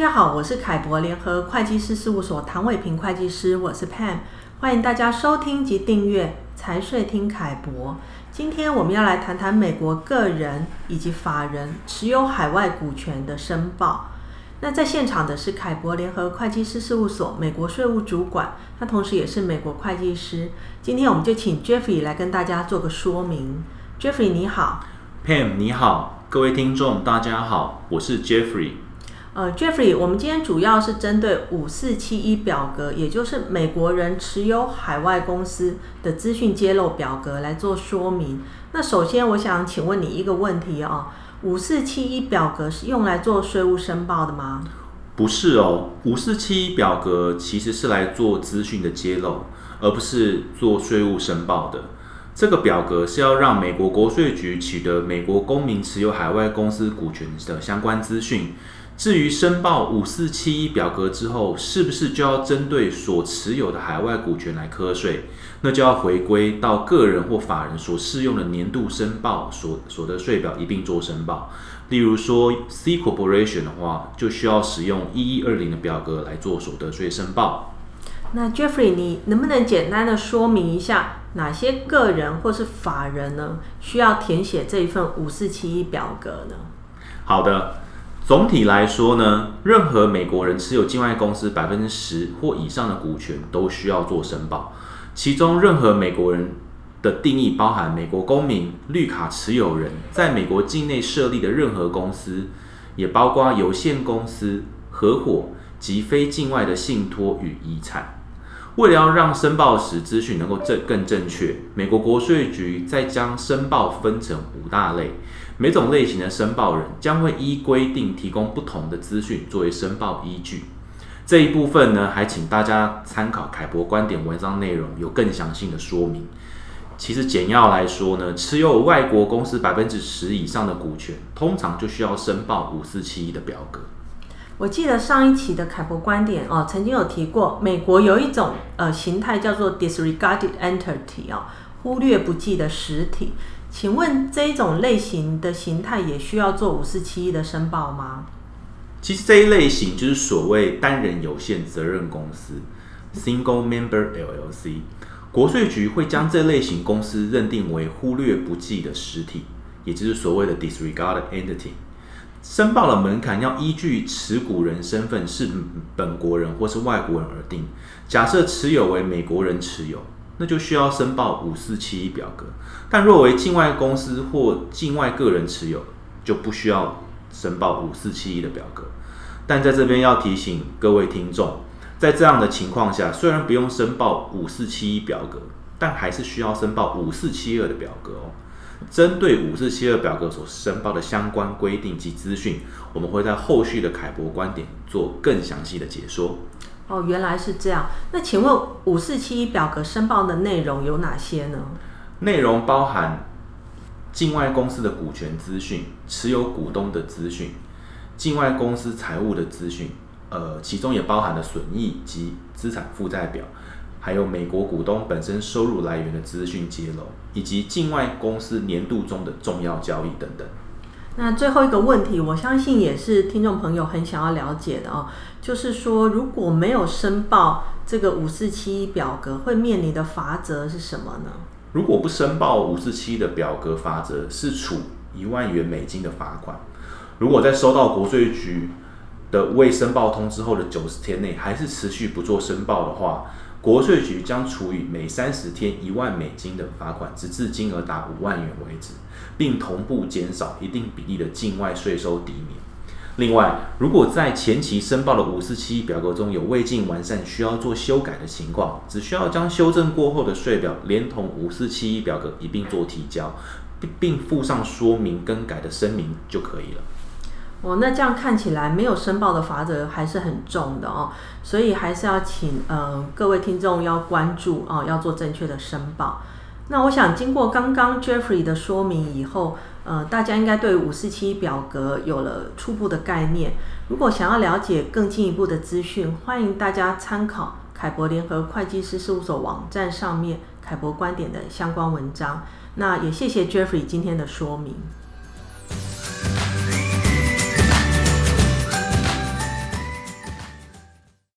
大家好，我是凱博聯合會計師事務所唐偉平會計師，我是 Pam，歡迎大家收聽及訂閱財稅聽凱博。今天我們要來談談美國個人以及法人持有海外股權的申報。那在現場的是凱博聯合會計師事務所美國稅務主管，他同時也是美國會計師。今天我們就請 Jeffrey 來跟大家做個說明。Jeffrey 你好，Pam 你好，各位聽眾大家好，我是 Jeffrey。呃、uh，Jeffrey，我們今天主要是針對5471表格，也就是美國人持有海外公司的資訊揭露表格來做說明。那首先，我想請問你一個問題哦，5471表格是用來做稅務申報的嗎？不是哦，5471表格其實是來做資訊的揭露，而不是做稅務申報的。這個表格是要讓美國國稅局取得美國公民持有海外公司股權的相關資訊。至於申報五四七一表格之後，是不是就要針對所持有的海外股權來課稅？那就要回歸到個人或法人所適用的年度申報所所得稅表一併做申報。例如說 C Corporation 的話，就需要使用一一二零的表格來做所得稅申報。那 Jeffrey，你能不能簡單的說明一下，哪些個人或是法人呢，需要填寫這一份五四七一表格呢？好的。總體來說呢，任何美國人持有境外公司百分之十或以上的股權都需要做申報。其中，任何美國人的定義包含美國公民、綠卡持有人，在美國境內設立的任何公司，也包括有限公司、合夥及非境外的信託與遺產。為了要讓申報時資訊能夠正更正確，美國國稅局再將申報分成五大類，每種類型的申報人將會依規定提供不同的資訊作為申報依據。這一部分呢，還請大家參考凱博觀點文章內容有更詳細的說明。其實簡要來說呢，持有外國公司百分之十以上的股權，通常就需要申報五四七一的表格。我記得上一期的凱博觀點哦，曾經有提過，美國有一種呃、形態叫做 disregarded entity 哦，忽略不計的實體。請問這一種類型的形態也需要做五四七一的申報嗎？其實這一類型就是所謂單人有限責任公司 Single Member LLC，國稅局會將這類型公司認定為忽略不計的實體，也就是所謂的 disregarded entity。申報的門檻要依據持股人身份是本國人或是外國人而定。假設持有為美國人持有，那就需要申報五四七一表格；但若為境外公司或境外個人持有，就不需要申報五四七一的表格。但在這邊要提醒各位聽眾，在這樣的情況下，雖然不用申報五四七一表格，但還是需要申報五四七二的表格哦。針對五四七二表格所申報的相關規定及資訊，我們會在後續的凱博觀點做更詳細的解說。哦，原來是這樣。那請問五四七一表格申報的內容有哪些呢？內容包含境外公司的股權資訊、持有股東的資訊、境外公司財務的資訊，呃，其中也包含了損益及資產負債表。還有美國股東本身收入來源的資訊揭露，以及境外公司年度中的重要交易等等。那最後一個問題，我相信也是聽眾朋友很想要了解的啊、哦，就是說如果沒有申報這個五四七一表格，會面臨的罰則是什麼呢？如果不申報五四七一的表格，罰則是處一萬元美金的罰款。如果在收到國稅局的未申報通知後的九十天內，還是持續不做申報的話，國稅局將處以每三十天一萬美金的罰款，直至金額達五萬元為止，並同步減少一定比例的境外稅收抵免。另外，如果在前期申報的五四七一表格中有未盡完善需要做修改的情況，只需要將修正過後的稅表連同五四七一表格一並做提交，並附上說明更改的聲明就可以了。哦，那這樣看起來沒有申報的罰則還是很重的哦，所以還是要請呃各位聽眾要關注啊、呃，要做正確的申報。那我想經過剛剛 Jeffrey 的說明以後，呃，大家應該對五四七一表格有了初步的概念。如果想要了解更進一步的資訊，歡迎大家參考凱博聯合會計師事務所網站上面凱博觀點的相關文章。那也謝謝 Jeffrey 今天的說明。